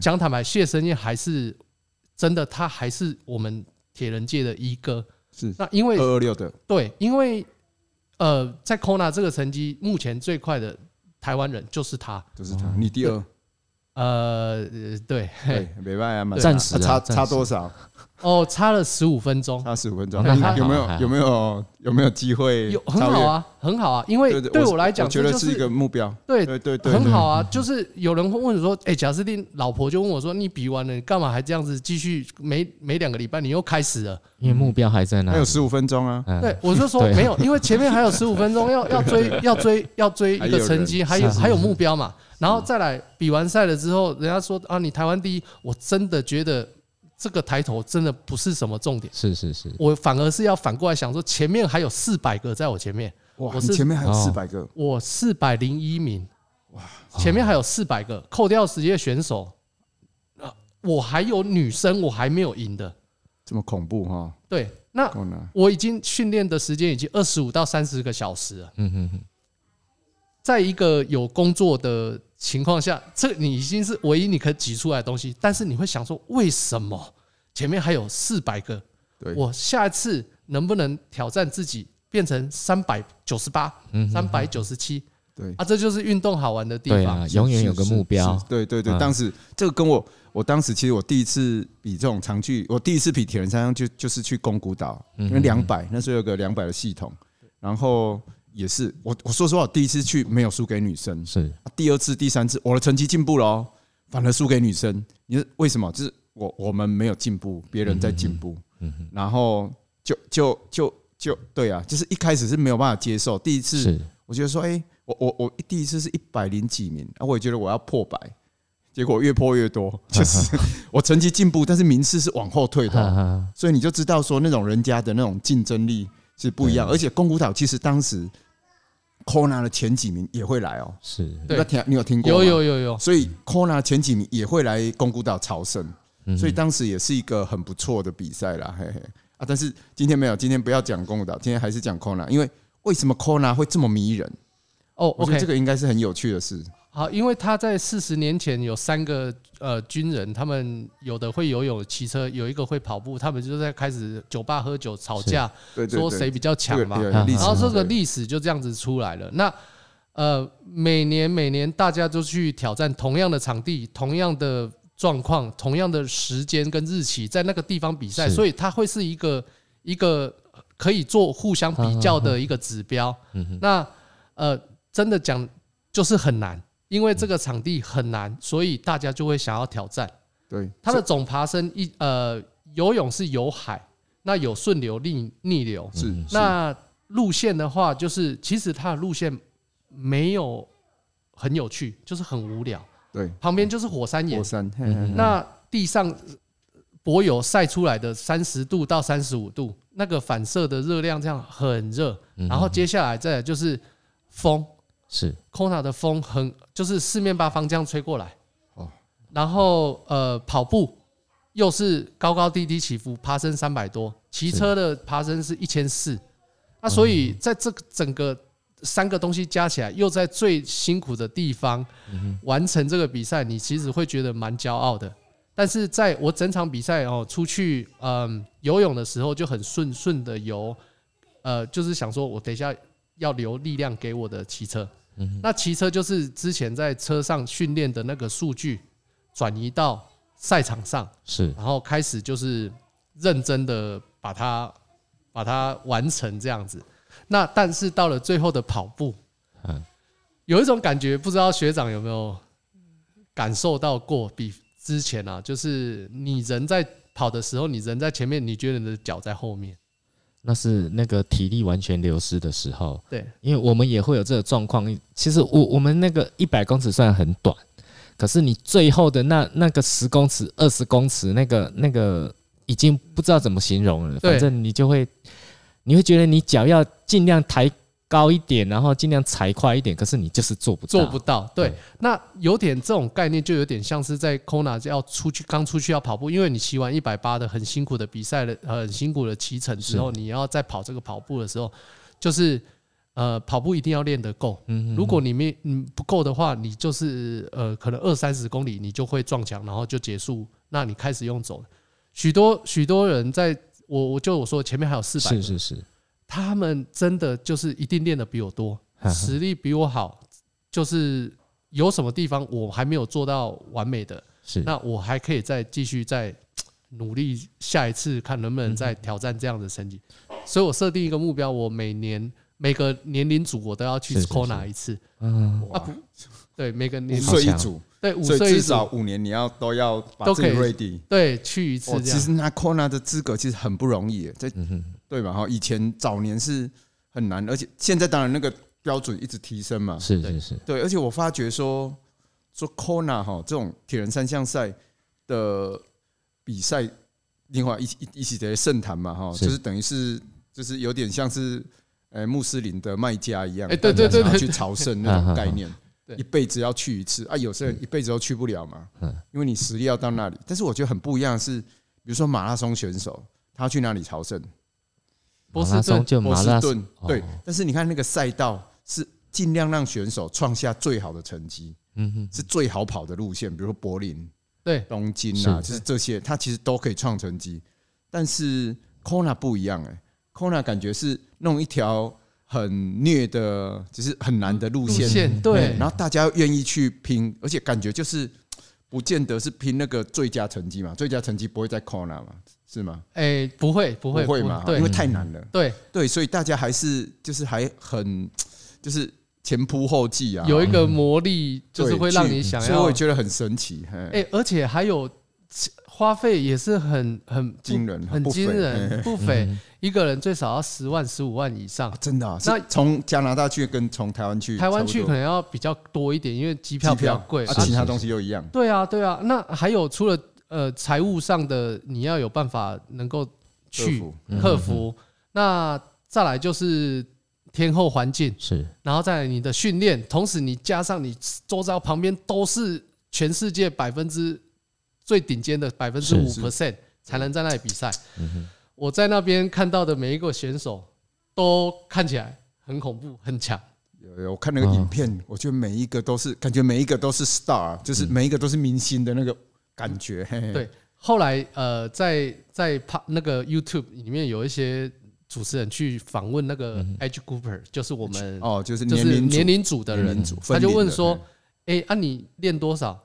講、欸、坦白，謝生燕還是真的，他還是我們鐵人界的一哥。是那因為二二六的對，因為。呃，在 Kona 這個成績，目前最快的台灣人就是他，就是他，你第二。呃，對，對，沒辦法，暫、啊、時、啊、差暫時、啊、差多少？哦，差了十五分鐘，差十五分鐘、啊，有沒有、啊、有沒有有沒有機會？有很好啊，很好啊，因為對我來講、就是，我覺得是一個目標。對對,對對，很好啊，嗯、就是有人會問我說：“哎、欸，賈斯丁老婆就問我說：‘你比完了，你幹嘛還這樣子繼續？’沒沒兩個禮拜，你又開始了，因為目標還在哪？嗯」還有十五分鐘啊、嗯。對，我就說沒有，因為前面還有十五分鐘， 要追 要追，要追，要追一個成績，還有還有目標嘛。啊”然後再來比完賽了之後，人家說啊，你台灣第一，我真的覺得這個抬頭真的不是什麼重點。是是是，我反而是要反過來想說，前面還有四百個在我前面。哇，是我前面還有四百個？我四百零一名。哇，前面還有四百個，扣掉職業選手，我還有女生，我還沒有贏的。這麼恐怖哈？對，那我已經訓練的時間已經二十五到三十個小時了。嗯哼哼。在一個有工作的情況下，這你已經是唯一你可以擠出來的東西。但是你會想說，為什麼前面還有四百個？我下一次能不能挑戰自己變成三百九十八、三百九十七？對啊，這就是運動好玩的地方。對啊，永遠有個目標。對對對，當時這個跟我，我當時其實我第一次比這種長距，我第一次比鐵人三項就就是去宮古島，因為兩百那時候有個兩百的系統，然後。也是我我說實話，第一次去沒有輸給女生，是第二次、第三次，我的成績進步了，哦，反而輸給女生。你說為什麼？就是我我們沒有進步，別人在進步，嗯，嗯，然後就就就就對啊，就是一開始是沒有辦法接受。第一次我覺得說，誒、欸，我我我第一次是一百零幾名啊，我也覺得我要破百，結果越破越多，確、就、實、是、我成績進步， 但是名次是往後退的， 所以你就知道說那種人家的那種競爭力是不一樣。而且宮古島其實當時。Kona 的前幾名也會來哦，喔，是，你有聽，你有聽過嗎？有有有有，所以 Kona 前幾名也會來宮古島朝聖，嗯，所以當時也是一個很不錯的比賽啦，嘿嘿啊！但是今天沒有，今天不要講宮古島，今天還是講 Kona，因為為什麼 Kona 會，會、嗯啊，會這麼迷人？哦，OK、我覺得這個應該是很有趣的事。好，因為他在四十年前有三個呃軍人，他們有的會游泳、騎車，有一個會跑步，他們就在開始酒吧喝酒、吵架，對對對，說誰比較強嘛。然後這個歷史就這樣子出來了。那呃，每年每年大家都去挑戰同樣的場地、同樣的狀況、同樣的時間跟日期，在那個地方比賽，所以它會是一個一個可以做互相比較的一個指標。啊、呵呵那呃，真的講就是很難。因為這個場地很難，所以大家就會想要挑戰。對，它的總爬升一呃，游泳是有海，那有順流逆逆流，是，是那路線的話，就是其實它的路線沒有很有趣，就是很無聊。對，旁邊就是火山岩，火山嗯、嘿嘿嘿那地上柏油曬出來的三十度到三十五度，那個反射的熱量這樣很熱、嗯，然後接下來再來就是風。是，Kona 的風很，就是四面八方這樣吹過來，哦、然後呃跑步又是高高低低起伏，爬升三百多，騎車的爬升是一千四，那、啊、所以在這整個三個東西加起來，嗯、又在最辛苦的地方、嗯、完成這個比賽，你其實會覺得蠻驕傲的。但是在我整場比賽哦，出去嗯、呃、游泳的時候就很順順的游，呃，就是想說我等一下要留力量給我的騎車。嗯，那騎車就是之前在車上訓練的那個數據轉移到賽場上，是，然後開始就是認真的把它把它完成這樣子。那但是到了最後的跑步，嗯，有一種感覺，不知道學長有沒有感受到過，比之前啊，就是你人在跑的時候，你人在前面，你覺得你的腳在後面。那是那個體力完全流失的時候，對，因為我們也會有這個狀況。其實我我們那個一百公尺算很短，可是你最後的那那個十公尺、二十公尺，那個那個已經不知道怎麼形容了。反正你就會，你會覺得你腳要盡量抬，高一點，然後盡量踩快一點，可是你就是做不到做不到。對，那有點這種概念，就有點像是在 Kona 要出去，剛出去要跑步，因為你騎完一百八的很辛苦的比賽的很辛苦的騎程時候，你要再跑這個跑步的時候，就是呃跑步一定要練得夠，如果你沒不夠的話，你就是呃可能二三十公里你就會撞牆，然後就結束，那你開始用走。許多許多人在我我就我說前面還有四百，是是是。他們真的就是一定練的比我多，實力比我好，就是有什麼地方我還沒有做到完美的，是那我還可以再繼續再努力，下一次看能不能再挑戰這樣的成績。所以我設定一個目標，我每年每個年齡組我都要去 Kona 一次。嗯啊不，對每個年齡組是是是、嗯、五歲一組、哦對，對五歲至少五年你要都要 ready 都可以。對，去一次、哦。其實拿 Kona 的資格其實很不容易，對吧？哈，以前早年是很難，而且現在當然那個標準一直提升嘛。是是是對，對。而且我發覺說說 Kona 哈這種鐵人三項賽的比賽，另外一一起在聖壇嘛，哈，就是等於是就是有點像是，欸，穆斯林的麥加一樣，哎，欸，對，對，對去朝聖那種概念，對對對對對對對對，一輩子要去一次 啊，有時候一輩子都去不了嘛，嗯，因為你實力要到那裡。但是我覺得很不一樣的是，比如說馬拉松選手，他去那裡朝聖。波士頓就波士頓，對、哦。但是你看那個賽道是盡量讓選手創下最好的成績，嗯哼，是最好跑的路線，比如說柏林，對，東京啊，是就是這些，它其實都可以創成績。但是 Kona 不一樣哎，Kona 感覺是弄一條很虐的，就是很難的路線，路線，對、對。然後大家願意去拼，而且感覺就是不見得是拼那個最佳成績嘛，最佳成績不會在 Kona 嘛。是嗎？哎、欸，不會，不會，不會嗎？對，因為太難了。嗯、對對，所以大家還是就是還很就是前仆後繼啊，有一個魔力，就是會讓你想要。所以我覺得很神奇。哎、欸，而且還有花費也是很很驚人，很驚人不菲，不菲。一個人最少要十萬、十五萬以上，啊、真的、啊。那從加拿大去跟從台灣去，台灣去可能要比較多一點，因為機票比較貴，啊。其他東西又一樣對、啊。對啊，對啊。那還有除了呃，財務上的你要有辦法能夠去克服、嗯，克服，嗯。那再來就是天候環境，是，然後再來你的訓練，同時你加上你周遭旁邊都是全世界百分之最頂尖的百分之五 percent 才能在那裡比賽、嗯。我在那邊看到的每一個選手都看起來很恐怖很強。有有我看那個影片、哦，我覺得每一個都是感覺每一個都是 star，就是每一個都是明星的那個。嗯感覺嘿嘿，對，後來呃，在在帕那個 YouTube 裡面有一些主持人去訪問那個 Age Grouper、嗯、就是我們哦，就是年就是年齡組的人組的、嗯，他就問說：“哎、欸，啊你練多少？”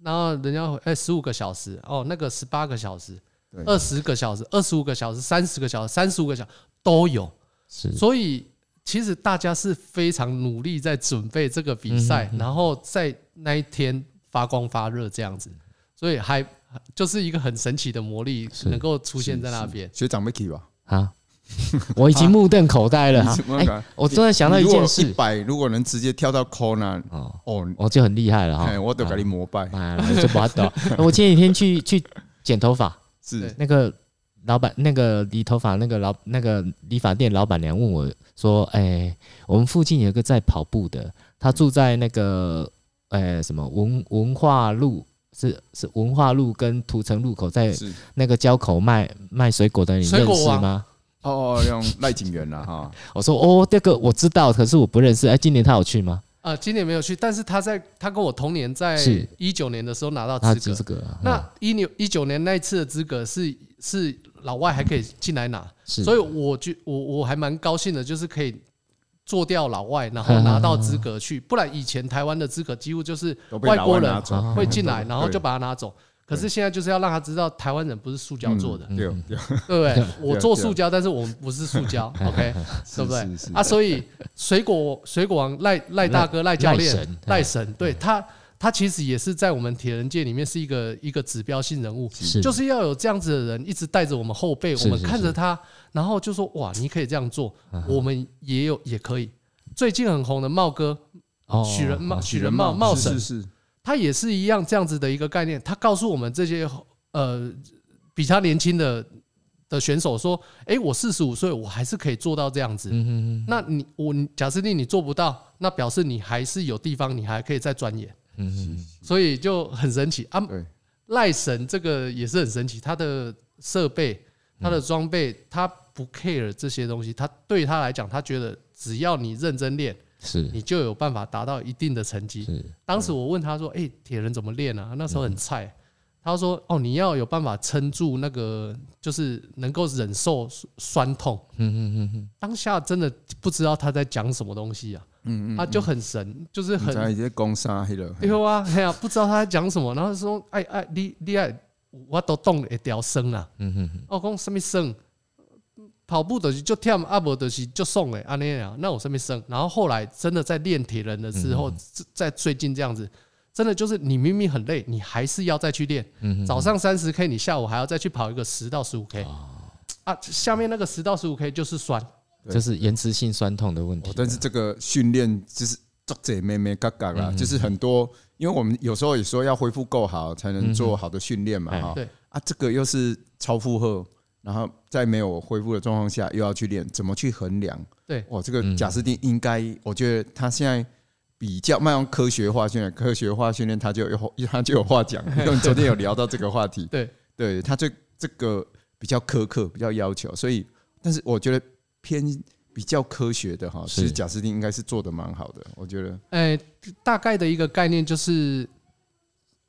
然後人家說哎十五個小時，哦那個十八個小時，二十個小時，二十五個小時，三十個小時，三十五個小時都有。是，所以其實大家是非常努力在準備這個比賽、嗯，然後在那一天發光發熱這樣子。對，還就是一個很神奇的魔力，能夠出現在那邊。學長沒去吧？啊，我已經目瞪口呆了。哎、啊啊欸，我正在想到一件事如一百，如果能直接跳到 Kona，哦，哦哦我就很厲害了哈、哦！我都給你膜拜，啊啊啊、 我前幾天去去剪頭髮， 是那個老闆，那個理頭髮那個老那個理髮店老闆娘問我說：“誒、欸，我們附近有個在跑步的，他住在那個誒、欸、什麼文文化路。”是是文化路跟土城路口在那個交口賣賣水果的，你認識嗎？哦，賴景源了哈。 我說哦，這個我知道，可是我不認識。哎、欸，今年他有去嗎？啊、呃，今年沒有去，但是他在他跟我同年，在一九年的時候拿到資格。啊、那一六一九年那次的資格是是老外還可以進來拿，所以我就我我還蠻高興的，就是可以。做掉老外，然後拿到資格去，不然以前台灣的資格幾乎就是外國人會進來，然後就把他拿走。可是現在就是要讓他知道台灣人不是塑膠做的、嗯，對不對？對對對 我做塑膠，但是我不是塑膠，OK，對 不對？啊，所以水果水果王賴賴大哥賴教練賴神，賴神，對、嗯、他。他其實也是在我們鐵人界裡面是一個一個指標性人物，就是要有這樣子的人一直帶着我們後輩，我們看着他，然後就說哇，你可以這樣做，是是是，我們也有也可以。最近很紅的茂哥，許、哦、仁茂，許、哦、仁茂茂神，是是，他也是一樣這樣子的一個概念。他告訴我們這些呃比他年輕的的選手說，哎、欸，我四十五歲，我還是可以做到這樣子。嗯嗯，那你我假設你你做不到，那表示你還是有地方你還可以再鑽研。嗯嗯，所以就很神奇啊！賴神這個也是很神奇，他的設備、他的裝備，他不 care 這些東西。他對他來講，他覺得只要你認真練，你就有辦法達到一定的成績。當時我問他說：“哎，鐵人怎麼練啊？”那時候很菜，他說：“哦，你要有辦法撐住那個，就是能夠忍受酸痛。”當下真的不知道他在講什麼東西啊。嗯，嗯，嗯，啊、就很神，就是很他在講啥去了。有啊，不知道他在講什麼。 然後說，哎哎，你你我都動了一條繩了。嗯哼哼我講什麼繩？跑步都是就跳，阿就送了。啊，那我什麼生，然後後來真的在練鐵人的時候、嗯，在最近這樣子，真的就是你明明很累，你還是要再去練。嗯哼哼早上三十 K，你下午還要再去跑一個十到十五 K。啊，下面那個十到十五 K 就是酸。就是延遲性酸痛的問題，但是這個訓練就是作者眉眉角角啦，就是很多，嗯、因為我們有時候也說要恢復夠好才能做好的訓練嘛，哈，對啊，這個又是超負荷，然後在沒有恢復的狀況下又要去練，怎麼去衡量？對，我這個賈斯汀應該，我覺得他現在比較慢，用科學化訓練，科學化訓練他，他就有話，他就有話講，因為昨天有聊到這個話題，對，對他最這個比較苛刻，比較要求，所以，但是我覺得。偏比較科學的哈，其實賈斯汀應該是做的蠻好的，我覺得。哎，大概的一個概念就是，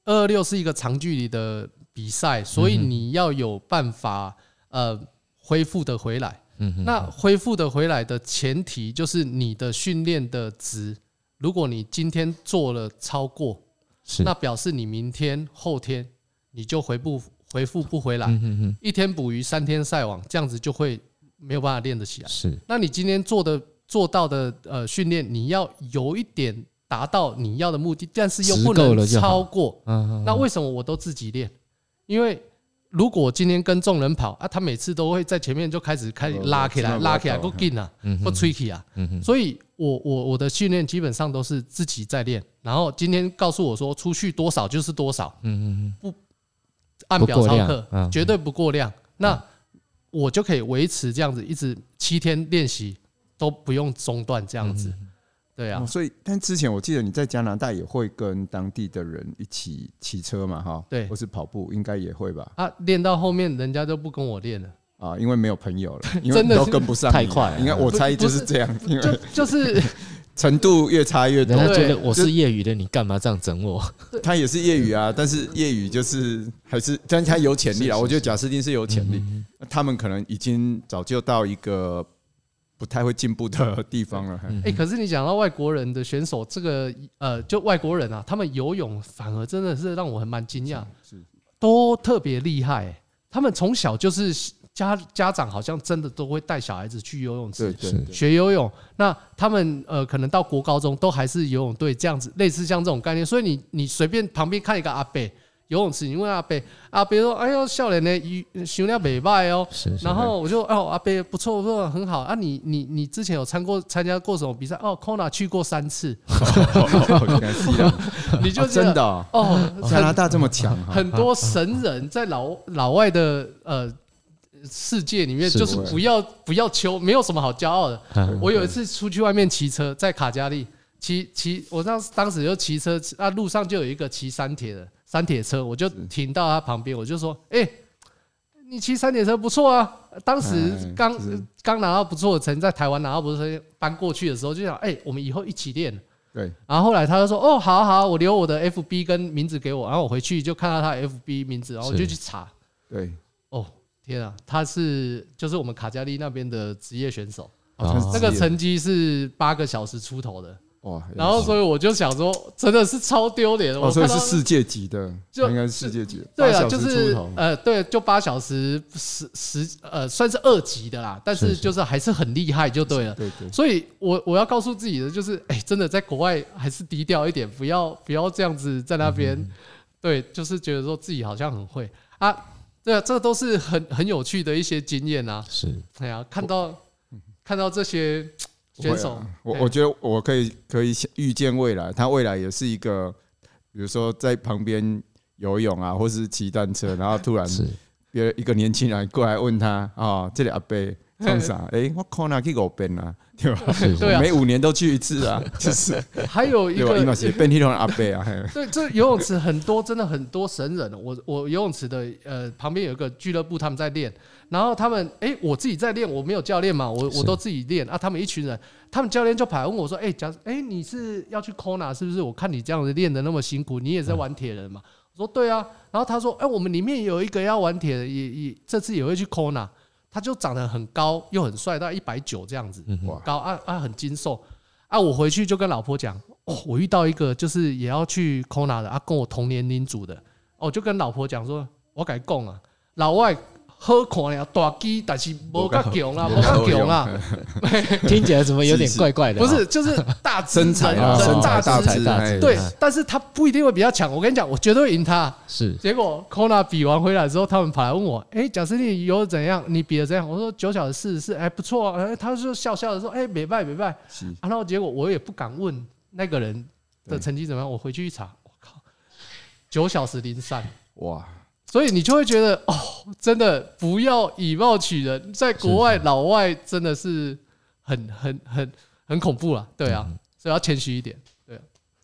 二二六是一個長距離的比賽，所以你要有辦法呃恢復的回來。那恢復的回來的前提就是你的訓練的值，如果你今天做了超過，是那表示你明天後天你就回不恢復不回來。一天捕魚三天曬網，這樣子就會。沒有辦法練得起來。是，那你今天做的做到的呃訓練，你要有一點達到你要的目的，但是又不能超過。嗯，嗯。那為什麼我都自己練、嗯嗯嗯？因為如果今天跟仲仁跑啊，他每次都會在前面就開始開始拉起來，我我拉起來不進啊，不 tricky 啊。嗯，嗯，嗯所以我我我的訓練基本上都是自己在練。然後今天告訴我說出去多少就是多少。嗯，嗯，嗯不按表操課，啊，絕對不過量。嗯、那。我就可以維持這樣子，一直七天練習都不用中斷，這樣子，嗯、對啊、哦。所以，但之前我記得你在加拿大也會跟當地的人一起騎車嘛，哈，對，或是跑步，應該也會吧。啊，練到後面人家都不跟我練了啊，因為沒有朋友了，因為真的都跟不上了，太快了。應該我猜就是這樣，是是就，就是。 程度越差越多。我是業餘的，你幹嘛這樣整我？他也是業餘啊，但是業餘就是還是，但是他有潛力啊。是是是，我覺得賈斯汀是有潛力，是是是，他們可能已經早就到一個不太會進步的地方了。哎、欸，可是你講到外國人的選手，這個呃，就外國人啊，他們游泳反而真的是讓我很蠻驚訝，是，是，是都特別厲害，欸，他們從小就是。家家長好像真的都會帶小孩子去游泳池學游泳，那他們呃可能到國高中都還是游泳隊這樣子，類似像這種概念。所以你你隨便旁邊看一個阿伯游泳池，你問阿伯，阿伯說：“哎呦，少年呢，修了尾巴哦。”然後我就哦，阿伯不錯，我說很好啊你。你你你之前有參過參加過什麼比賽？哦，Kona 去過三次，是 你就、啊、真的哦,哦，加拿大這麼強、啊，很多神人在老老外的呃。世界裡面就是不要不要求，沒有什麼好驕傲的。我有一次出去外面騎車，在卡加利騎騎，我當當時就騎車，那路上就有一個騎三鐵的三鐵車，我就停到他旁邊，我就說：“哎，你騎三鐵車不錯啊。”當時剛剛拿到不錯的成績，在台灣拿到不錯的，搬過去的時候就想：“哎，我們以後一起練。”對。然後後來他就說：“哦，好好，我留我的 FB 跟名字給我。”然後我回去就看到他 FB 名字，然後我就去查。對。天啊，他是就是我們卡加利那邊的職業選手，哦哦、那個成績是八個小時出頭的、哦、然後所以我就想說，真的是超丟臉。哦我，所以是世界級的，就應該是世界級。對啊，就是呃，對，就八小時十十呃，算是二級的啦，但是就是還是很厲害，就對了。對對。所以我我要告訴自己的就是，哎、欸，真的在國外還是低調一點，不要不要這樣子在那邊、嗯，對，就是覺得說自己好像很會啊。對啊，這都是很很有趣的一些經驗啊。是，哎呀、啊，看到看到這些選手，啊、我、啊、我覺得我可以可以預見未來，他未來也是一個，比如說在旁邊游泳啊，或是騎單車，然後突然別一個年輕人過來問他啊、哦，這裡、阿伯。這樣子啊？哎、欸，我 Kona 去五遍了對吧？對，每五年都去一次啊， 就是。還有一個是 ben 鐵桶阿貝啊。這這游泳池很多， 真的很多神人。我我游泳池的呃旁邊有一個俱樂部，他們在練。然後他們誒、欸，我自己在練，我沒有教練嘛，我我都自己練啊。他們一群人，他們教練就跑來問我說：“誒、欸，假如誒、欸，你是要去 Kona，是不是？我看你這樣子練得那麼辛苦，你也在玩鐵人嘛、嗯？”我說：“對啊。”然後他說：“誒、欸，我們裡面有一個要玩鐵人，也也,也這次也會去 Kona。他就長得很高，又很帥，到一百九這樣子，嗯、高啊啊，很精瘦，啊，我回去就跟老婆講、哦，我遇到一個就是也要去 Kona 的，啊，跟我同年齡組的，我、哦、就跟老婆講說，我跟你講啊，老外。好看了，大機，但是不夠強啊。不夠強啊，聽起來怎麼有點怪怪的？是是不是，就是大智，大智，對。但是他不一定會比較強。我跟你講，我絕對贏他。是。結果 Kona 比完回來之後，他們跑來問我：“哎，賈斯丁有怎樣？你比得怎樣？”我說：“九小時四十四，哎，不錯啊。欸”然後他就笑笑的說：“哎、欸，沒敗，沒敗。啊”然後結果我也不敢問那個人的成績怎麼樣。我回去一查，我靠，九小時零三，哇！所以你就會覺得哦，真的不要以貌取人，在國外老外真的是很很很很恐怖了，對啊，嗯、所以要謙虛一點，對、啊。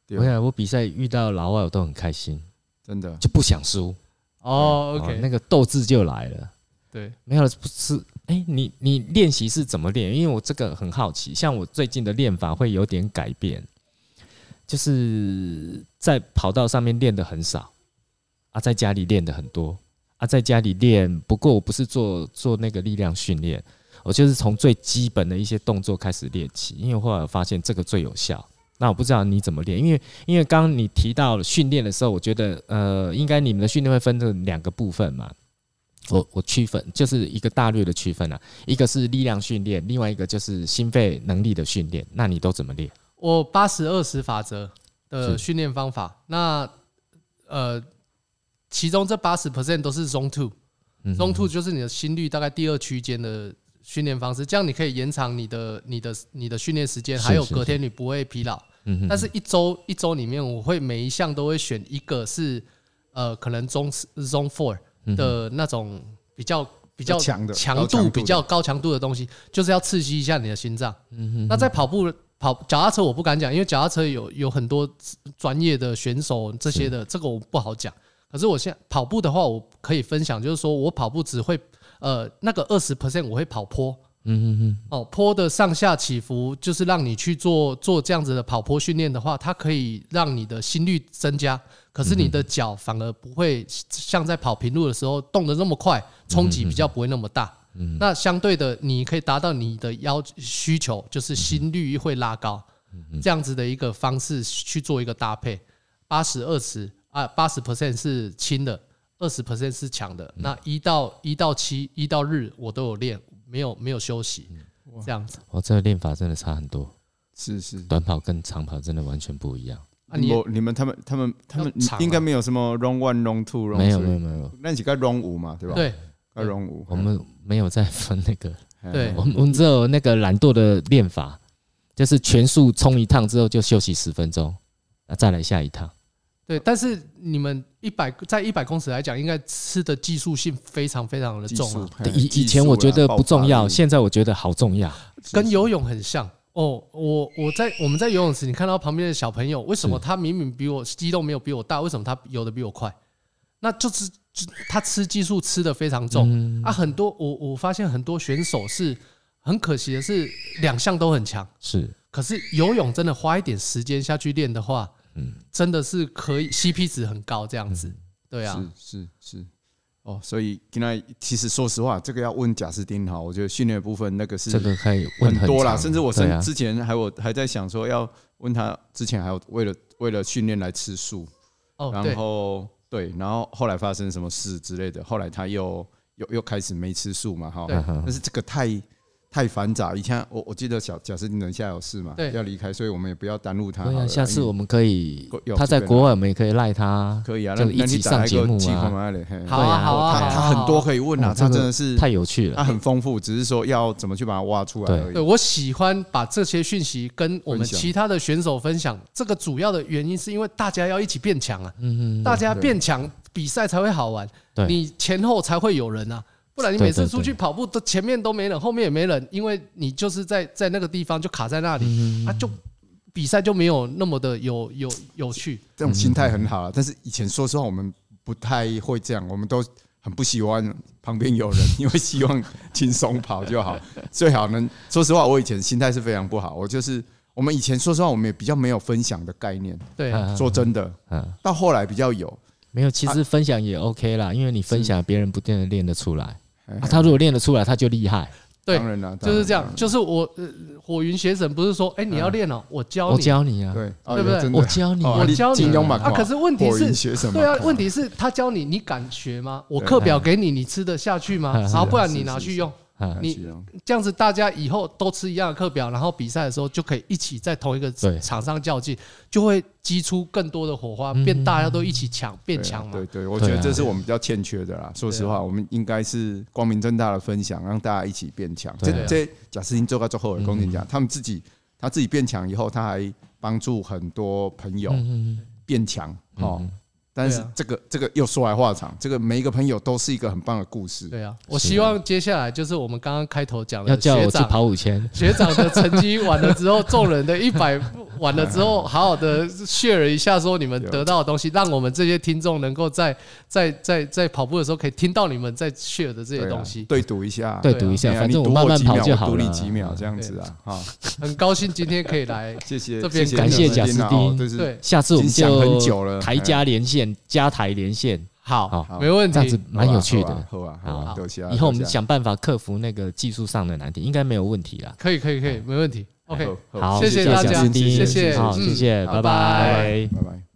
對。我想我比賽遇到老外，我都很開心，真的就不想輸。哦，OK，哦，那個鬥志就來了。對。沒有了，不是，哎、欸，你你練習是怎麼練？因為我這個很好奇，像我最近的練法會有點改變，就是在跑道上面練的很少。啊，在家裡練的很多啊，在家裡練。不過我不是做做那個力量訓練，我就是從最基本的一些動作開始練起。因為後來我發現這個最有效。那我不知道你怎麼練，因為因為剛剛你提到訓練的時候，我覺得呃，應該你們的訓練會分成兩個部分嘛。我我區分就是一個大略的區分啊，一個是力量訓練，另外一個就是心肺能力的訓練。那你都怎麼練？我八十二十法則的訓練方法。那呃。其中這八十 percent 都是 zone two，zone two 就是你的心率大概第二區間的訓練方式，這樣你可以延長你的你的你的訓練時間，還有隔天你不會疲勞。嗯。但是，一周一周裡面，我會每一項都會選一個是，呃，可能 zone zone four 的那種比較比較強強度比較高強度的東西，就是要刺激一下你的心臟。嗯哼。那在跑步跑腳踏車，我不敢講，因為腳踏車有有很多專業的選手這些的，這個我不好講。可是我現在跑步的話，我可以分享，就是說我跑步只會，呃，那個二十 percent 我會跑坡，嗯嗯嗯，哦，坡的上下起伏，就是讓你去做做這樣子的跑坡訓練的話，它可以讓你的心率增加，可是你的腳反而不會像在跑平路的時候動得那麼快，衝擊比較不會那麼大，那相對的，你可以達到你的要需求，就是心率會拉高，這樣子的一個方式去做一個搭配，八十二十。啊，八十 percent 是輕的，二十 percent 是強的。那一到一到七，一到日我都有練，沒有沒有休息，嗯、這樣子。我這個練法真的差很多，是是，是。短跑跟長跑真的完全不一樣，是是是不一樣、啊你。你你們他們他們他們應該沒有什麼 run one run two run three，沒有沒有沒有，那幾個 run 五嘛，對吧？對，run 五。我們沒有在分那個，對，對，我們只有那個懶惰的練法，就是全速衝一趟之後就休息十分鐘，那再來下一趟。對，但是你們一百，在一百公尺來講，應該吃的技術性非常非常的重、啊。以以前我覺得不重要，現在我覺得好重要，跟游泳很像哦。我我在我們在游泳池，你看到旁邊的小朋友，為什麼他明明比我肌肉沒有比我大，為什麼他游得比我快？那就是他吃技術吃得非常重、嗯、啊。很多我我發現很多選手是很可惜的是兩項都很強，是，可是游泳真的花一點時間下去練的話。嗯，真的是可以，CP 值很高，這樣子，對啊，是是是哦，所以今天其實說實話，這個要問賈斯丁哈，我覺得訓練部分那個是這個可以很多啦，甚至我之前還有還在想說要問他，之前還有為了為了訓練來吃素，哦，然後對，然後後來發生什麼事之類的，後來他又又又開始沒吃素嘛哈，但是這個太。太繁雜，以前我我記得小賈斯汀等一下有事嘛，對要離開，所以我們也不要耽誤他、啊。下次我們可以他在國外，我們也可以賴他，他，他。可以啊，一啊那一起上節目啊。好啊，啊好啊他好啊他，他很多可以問啊，哦，這個、他真的是太有趣了，他很豐富，只是說要怎麼去把它挖出來而已。對，對我喜歡把這些訊息跟我們其他的選手分享，這個主要的原因是因為大家要一起變強啊，嗯哼大家變強，比賽才會好玩，對，你前後才會有人啊。不然你每次出去跑步，都前面都沒人，對對對對，後面也沒人，因為你就是在在那個地方就卡在那裡，他、嗯啊、就比賽就沒有那麼的有有有趣。這種心態很好，但是以前說實話我們不太會這樣，我們都很不喜歡旁邊有人，因為希望輕鬆跑就好，最好能說實話。我以前心態是非常不好，我就是我們以前說實話我們也比較沒有分享的概念，對、啊，說真的，到後來比較有。沒有，其實分享也 OK 啦，因為你分享，別人不見得練得出來。啊、他如果練得出來，他就厲害。對、啊啊，就是這樣。就是我、呃、火雲邪神不是說，哎、欸，你要練了、喔，我教你，我教你啊，對不、啊、對，對、哦對？我教你，哦、我教你啊啊。啊，可是問題是，對啊，問題是他教你，你敢學嗎？我課表給你，你吃得下去嗎？好、啊，不然你拿去用。啊、你這樣子，大家以後，都吃一樣的課表，然後比賽的時候就可以一起在同一個場上較勁，就會激出更多的火花，變大家都一起強，變強嘛。對對，我覺得這是我們比較欠缺的啦。說實話，我們應該是光明正大的分享，讓大家一起變強。這這賈斯丁做到最後，我跟你講，他們自己他自己變強以後，他還幫助很多朋友變強哦。但是這個、啊、這個又說來話長，這個每一個朋友都是一個很棒的故事。對啊，我希望接下來就是我們剛剛開頭講的，要叫我去跑五千。學長的成績完了之後，眾 人的一百完了之後，好好的 share 一下，說你們得到的東西，讓我們這些聽眾能夠在在在在,在跑步的時候可以聽到你們在 share 的這些東西。對賭、啊、一下，對賭一下，反正我慢慢跑就好，獨立、啊、幾,幾秒這樣子啊，啊，很高興今天可以來這，謝謝，這邊感謝賈斯丁，對，下次我們講很久了。台加連線。加台連線好、哦，好，沒問題，這樣子蠻有趣的，好，以後我們想辦法克服那個技術上的難題，嗯、應該沒有問題啦。可以，可以，可以，沒問題。好 OK，好，好，謝謝大家，謝謝，謝謝，謝謝謝謝，嗯、拜拜。拜拜拜拜。